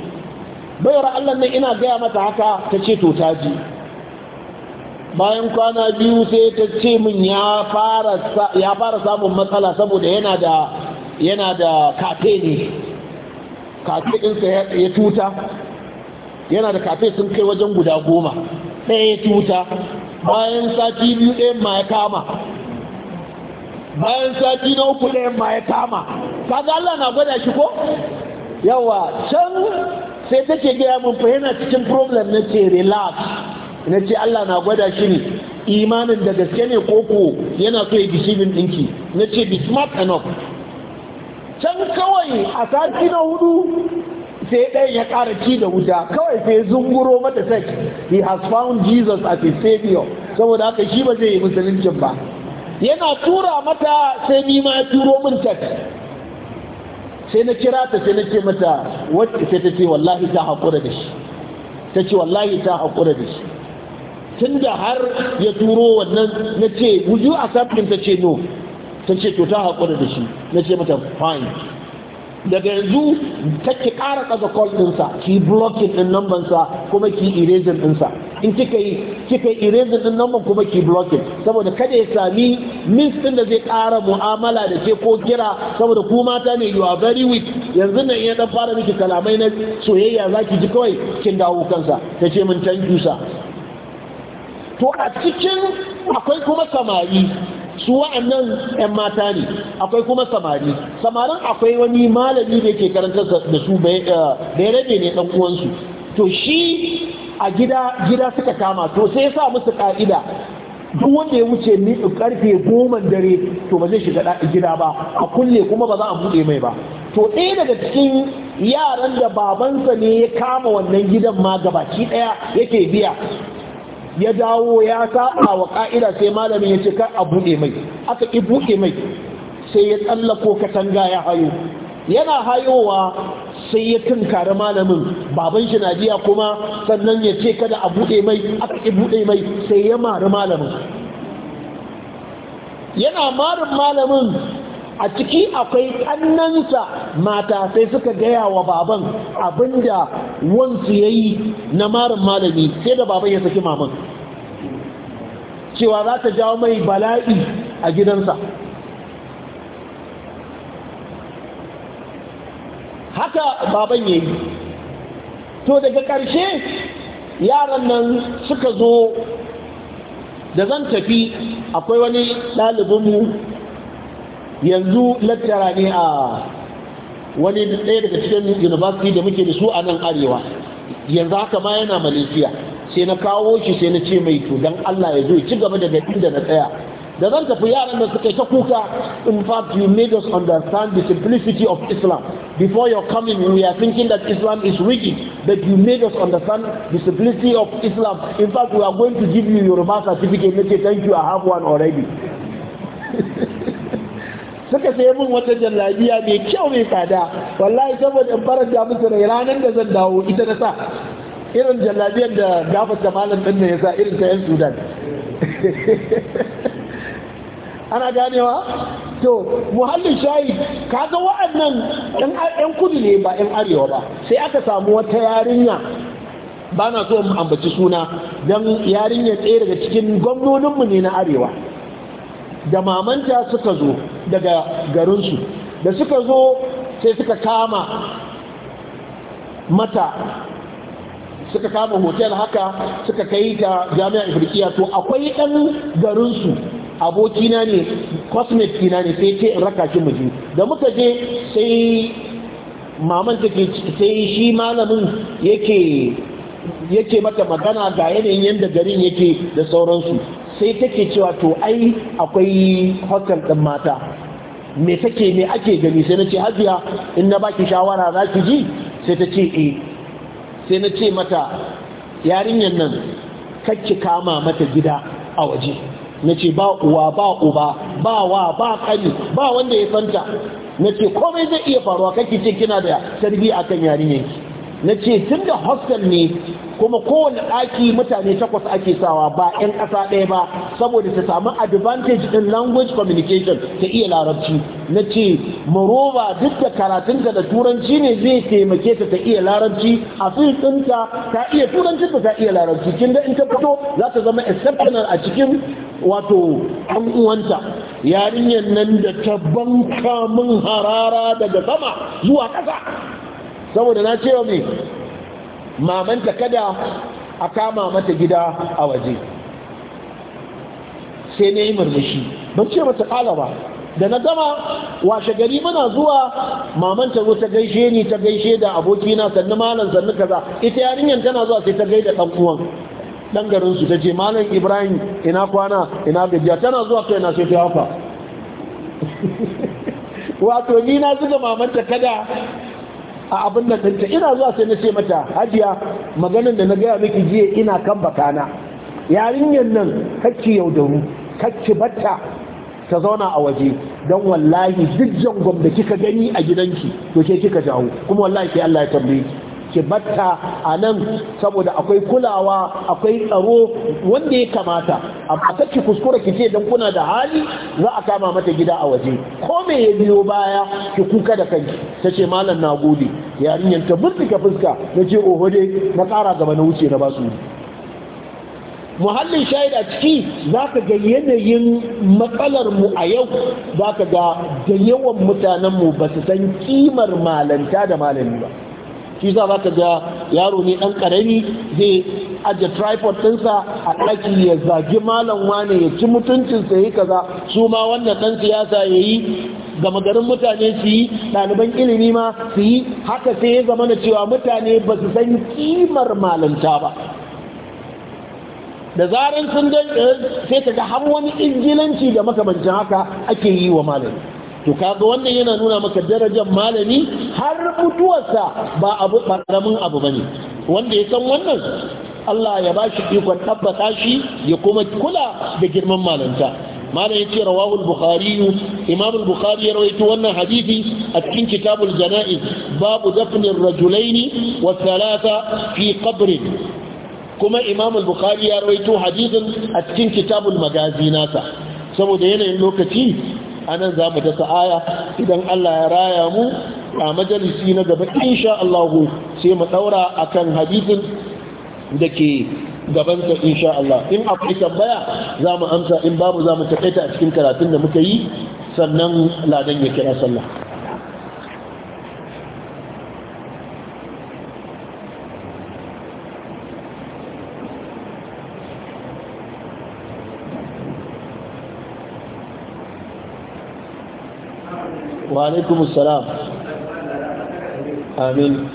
bayar allah nan ina gaya mata haka ta ce to ta ji bayan kwana biyu sai ta ce min ya fara samun matsala saboda yana da yana da kafe ne kafe ɗinsa ya tuta yana da kafe sun kai wajen guda goma ɗaya ya tuta bayan sati biyu ɗayan ma ya kama bayan sati na uku ɗayan ma ya kama kaga Allah na gwada shi ko yawa can sai take gaya mun fa yana cikin problem na ce relax na ce Allah na gwada shi ne imanin da gaske ne koko yana so ya gishibin ɗinki na ce be smart enough can kawai a sati na hudu sai ɗaya ya ƙara ci da wuta kawai sai zunguro mata sex he has found jesus as a savior saboda haka shi ba zai yi musuluncin ba yana tura mata sai ni ma ya turo min text sai na kira ta sai na ce mata wacce sai ta ce wallahi ta haƙura da shi ta ce wallahi ta haƙura da shi tun da har ya turo wannan na ce wuju a ta ce no ta ce to haƙura da shi na ce mata fine daga yanzu ki ƙara ƙasa call ɗinsa ki blocking ɗin numbansa kuma ki erasing ɗinsa in kika yi kika yi erasing ɗin namban kuma ki blocking saboda kada ya sami means ɗin da zai ƙara mu'amala da ke ko kira saboda ku mata ne you are very weak yanzu nan ya ɗan fara miki kalamai na soyayya za ki ji kawai kin dawo kansa ta ce min thank to a cikin akwai kuma samari su wa'annan 'yan mata ne akwai kuma samari samarin akwai wani malami da ke karantar da su bai eh, rabe ne dan uwansu to shi a gida gida suka kama to sai ya sa musu ka'ida duk wanda ya wuce ni karfe goma dare to ba zai shiga gida ba a kulle kuma ba za a buɗe mai ba to ɗaya daga cikin yaran da babansa ne ya kama wannan gidan ma gabaki ɗaya yake biya ya dawo ya saba wa ka'ida sai malamin ya ce kar a buɗe mai aka ƙi buɗe mai sai ya tsallako katanga ya hayo yana hayowa sai ya tunkari malamin baban shi jiya kuma sannan ya ce kada a buɗe mai aka ƙi buɗe mai sai ya mari malamin yana marin malamin a ciki akwai ƙannansa mata sai suka gaya wa baban abinda wansu ya yi na marin malami sai da baban ya saki maman cewa za ta jawo mai bala'i a gidansa haka baban ya yi to daga ƙarshe yaran nan suka zo da zan tafi akwai wani ɗalibinmu yanzu lattara ne a wani ɗaya daga cikin university da muke da su a nan arewa yanzu haka ma yana malaysia sai na kawo shi sai na ce mai to dan allah ya zo ci gaba daga inda na tsaya da zan tafi yaran da suka ta kuka in fact you made us understand the simplicity of islam before your coming we are thinking that islam is rigid but you made us understand the simplicity of islam in fact we are going to give you your master certificate na ce thank you i have one already suka sai min wata jallabiya mai kyau mai tsada wallahi saboda in faranta musu da ranar da zan dawo ita na sa irin jallabiyar da gafar da malam din ne ya sa irin ta 'yan sudan ana ganewa to muhallin shayi kaga wa'annan yan kudu ne ba yan arewa ba sai aka samu wata yarinya ba na so ambaci suna don yarinya tsaye daga cikin gwamnoninmu ne na arewa da mamanta suka zo daga garinsu da suka zo sai suka kama mata suka kama hotel haka suka kai ta jami'a ibrikiya to akwai ɗan garinsu abokina ne cosmet kina ne sai ce in raka shi muji da muka je sai maman take sai shi malamin yake yake mata magana ga yanayin yadda garin yake da sauransu sai take cewa to ai akwai hotel ɗin mata me take me ake gani sai na ce hajiya in na baki shawara za ki ji sai ta ce eh sai na ce mata yarinyar nan kakki kama mata gida a waje na ce ba uwa ba uba ba wa ba kani ba wanda ya santa na ce komai zai iya faruwa kake ce kina da tarbi akan yarinyanki na ce tun da hostel ne kuma kowane ɗaki mutane takwas ake sawa ba 'yan ƙasa ɗaya ba saboda ta samu advantage in language communication ta iya larabci na ce maroba duk da karatunta da turanci ne zai taimake ta ta iya larabci a tsinta ta iya turanci ta iya larabci kin da in ta fito za ta zama exceptional a cikin wato an uwanta yarinyar nan da ta banka min harara daga sama zuwa ƙasa saboda na cewa mai mamanta kada a kama mata gida a waje sai na yi murmushi ban ce mata kala ba da na gama washe gari muna zuwa mamanta zo ta gaishe ni ta gaishe da abokina sannu malam sannu kaza ita yarinyar tana zuwa sai ta gaida da uwan ɗan garin su tace malam Ibrahim ina kwana ina gajiya tana zuwa kai na sai ta hafa wato ni na zuga mamanta kada a abin da ɗinta ina zuwa sai na ce mata hajiya maganin da na gaya miki jiya ina kan bakana yarinyar nan kacci yaudaru kacci bata, ta zauna a waje don wallahi duk jangon da kika gani a gidanki to ke kika jawo kuma wallahi ke Allah ya tambaye ki ki batta a nan saboda akwai kulawa akwai tsaro wanda ya kamata amma kar ki kuskura ki ce dan kuna da hali za a kama mata gida a waje ko me ya biyo baya ki kuka da kanki tace malam nagode yarinyar ta burtuka fuska nace oho dai na tsara gaba na wuce na basu muhallin shaida ciki za ka ga yanayin matsalar mu a yau za ka ga da yawan mutanenmu ba su san kimar malanta da malami ba shi za ka ga yaro ne ɗan ƙarami zai ajiye tripod ɗinsa a ɗaki ya zagi malam wane ya ci mutuncinsa yi kaza su ma wannan ɗan siyasa ya yi gama garin mutane su yi ɗaliban ilimi ma su yi haka sai ya zama da cewa mutane ba su san kimar malanta ba da zarar sun eh, sai ka ga har wani ingilanci da makamancin haka ake yi wa malami to kaga wannan yana nuna maka darajar malami har mutuwarsa ba abu karamin abu bane wanda ya san wannan Allah ya bashi ikon tabbata shi ya kuma kula da girman malanta malam yace rawahu al-bukhari imam al-bukhari ya rawaito wannan hadisi a cikin kitabul janaiz babu dafn ar-rajulayn wa thalatha fi qabr kuma imam al-bukhari ya rawaito hadisin a cikin kitabul magazi nasa saboda yanayin lokaci a nan za mu dasa aya idan Allah ya raya mu a majalisi na gaba insha Allah sai mu daura akan hadisin da ke gabansa insha Allah in akwai tambaya za mu amsa in babu za mu taƙaita a cikin karatun da muka yi sannan ladan ya kira sallah wa alaikum assalam amin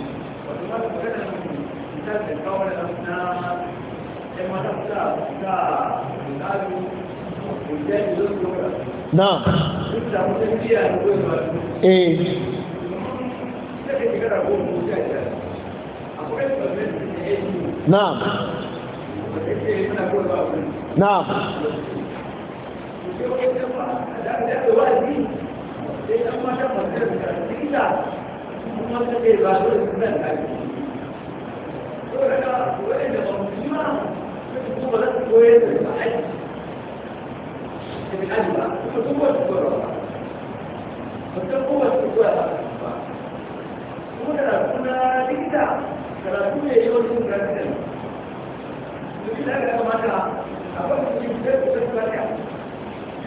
na eh sai dan mata magana da kila kuma ta ke ba da nan da to daga wani da ba musulma sai ku ba da koyar da ba ai da alba ku ku ba ku ba ku ta ku ba ku ba kuma da kuna likita karatu ne yau sun karatu ne duk da ga mata abin da ke da tsarkaka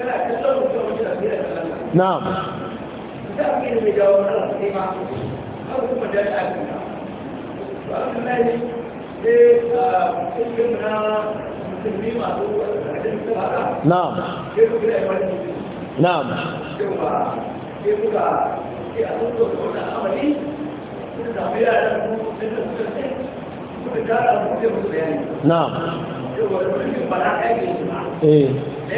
kana kallon mutum da ke da kallon na'am da abin mai jawo kuma da cikin ah, na musulmi masu a amali da musu bayani da ba na ba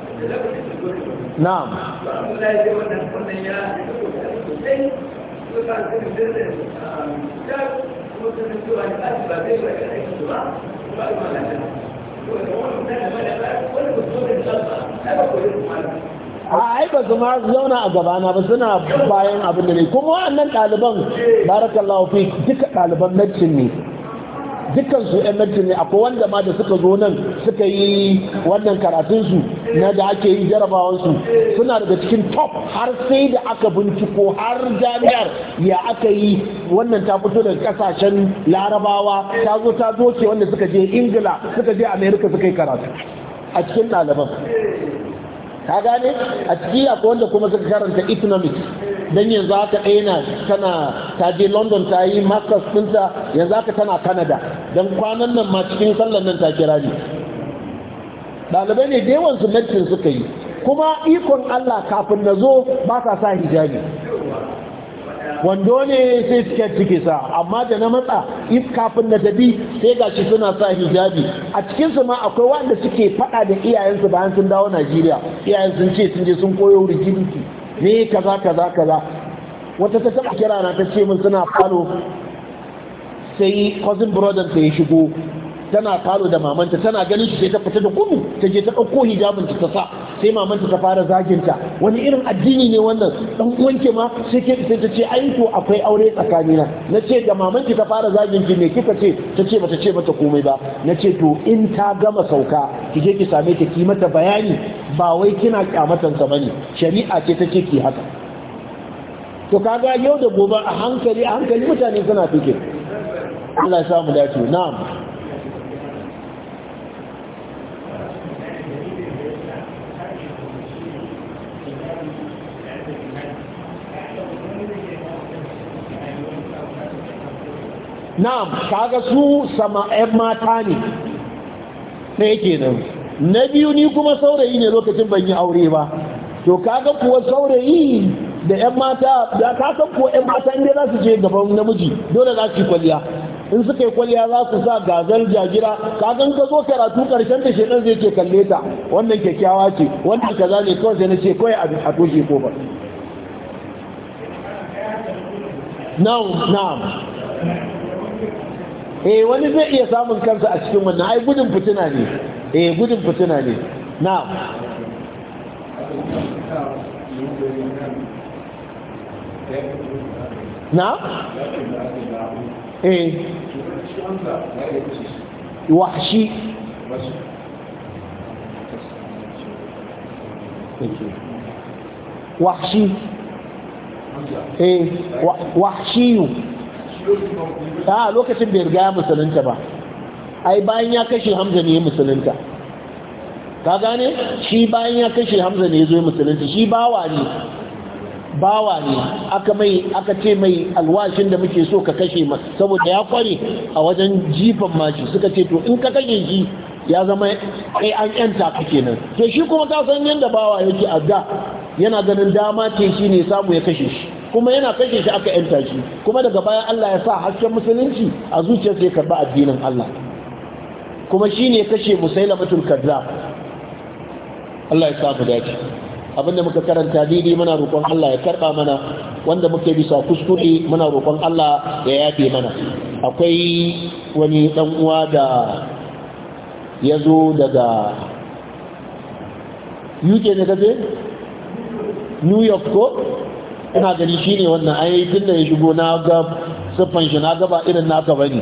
na'am a ai ba su zauna a gabana ba suna bayan abin da ne kuma wannan ɗaliban barakallahu fi duka ɗaliban naccin ne dukkan su yan naccin ne akwai wanda ma da suka zo nan suka yi wannan karatun su. na da ake yi jarabawansu suna daga cikin top har sai da aka binciko har jami'ar ya aka yi wannan ta fito daga kasashen larabawa ta zo ta zo ce wanda suka je ingila suka je amerika suka yi karatu a cikin ɗaliban ta gane a ciki akwai wanda kuma suka karanta economics don yanzu haka ɗaya tana ta je london ta yi masters ɗinta yanzu haka tana canada don kwanan nan ma cikin sallan nan ta kira ne Dalibai ne da yawan sunnatin suka yi kuma ikon Allah kafin na zo ba sa sa hijabi wando ne sai siket suke sa amma da na matsa if kafin na tafi sai ga shi suna sa hijabi a cikin su ma akwai wanda suke faɗa da iyayensu bayan sun dawo Najeriya iyayen sun ce sun je sun koyo rigidity ne kaza kaza kaza wata ta taɓa kira na ta ce min suna falo sai cousin brother sai shigo tana falo da mamanta tana ganin shi sai ta fita da gudu ta je ta ɗauko hijabin ta sa sai mamanta ta fara zaginta wani irin addini ne wannan dan uwanke ma sai ke sai ta ce ai to akwai aure tsakanina na ce da mamanta ta fara zagin ki me kika ce ta ce bata ce mata komai ba na ce to in ta gama sauka ki je ki same ta ki mata bayani ba wai kina kyamatan ta bane shari'a ce take ki haka to kaga yau da gobe a hankali a hankali mutane suna fike Allah ya samu dace na'am na'am kaga su sama ƴan mata ne na yake nan na biyu ni kuma saurayi ne lokacin ban yi aure ba to kaga kuwa saurayi da ƴan mata da ka san ko mata inda za su je gaban namiji dole za su yi kwalliya in suka yi kwalliya za su sa gazar jagira kagan ka zo karatu karshen da shedan zai ce kalle ta wannan kyakkyawa ce wannan kaza ne kawai sai na ce kawai a toshe ko ba na'am eh wani zai iya samun kansa a cikin wannan ai gudun fitina ne eh gudun fitina ne na'am na'am eh wahshi wahshi eh wahshiyu a lokacin bai riga ya musulunta ba ai bayan ya kashe hamza ne ya musulunta ka gane shi bayan ya kashe hamza ne ya zo ya musulunta shi bawa ne bawa ne aka mai aka ce mai alwashin da muke so ka kashe masa saboda ya kware a wajen jifan mashi suka ce to in ka kashe shi ya zama kai an yanta ka kenan to shi kuma ka san yanda bawa yake a da yana ganin dama ce shi ne samu ya kashe shi kuma yana kashe shi aka yanta shi kuma daga baya Allah ya sa hasken musulunci a zuciyarsa ya karba addinin Allah kuma shi ne kashe mutum kaza Allah ya sa dace abinda muka karanta daidai muna roƙon Allah ya karba mana wanda muke bisa kuskure muna roƙon Allah ya yafe mana akwai wani dan uwa da ya zo daga UK ne kaje New York ko ina gani ne wannan ayi tun da ya shigo na ga siffan shi na gaba irin naka bane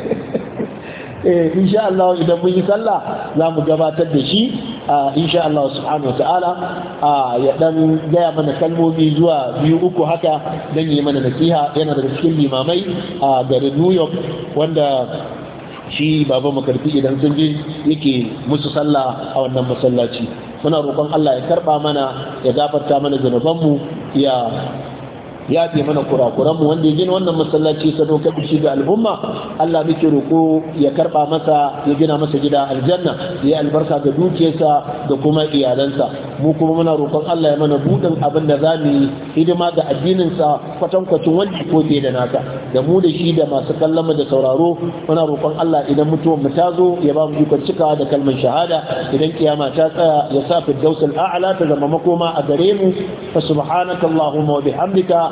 eh insha Allah idan mun yi sallah za mu gabatar da shi ah, insha Allah subhanahu wa ta'ala ah, ya dan gaya mana kalmomi zuwa biyu uku haka dan yi mana nasiha yana daga cikin limamai a ah, garin New York wanda shi baba makarfi idan sun je yake musu sallah a wannan masallaci muna roƙon Allah ya karɓa mana ya gafarta mana zanubanmu ya ya fi mana kurakuran mu wanda ya gina wannan masallaci sadaukar shi ga al'umma Allah muke roko ya karba masa ya gina masa gida aljanna ya albarka ga dukiyarsa da kuma iyalansa mu kuma muna roƙon Allah ya mana buɗin abin da zamu yi hidima ga addininsa sa kwatankwacin wanda ko fiye da nasa. da mu da shi da masu kallon mu da sauraro muna roƙon Allah idan mutuwar mu ta zo ya ba mu ikon cika da kalmar shahada idan kiyama ta tsaya ya sa fi dausul a'la ta zama makoma a gare mu fa subhanaka allahumma wa bihamdika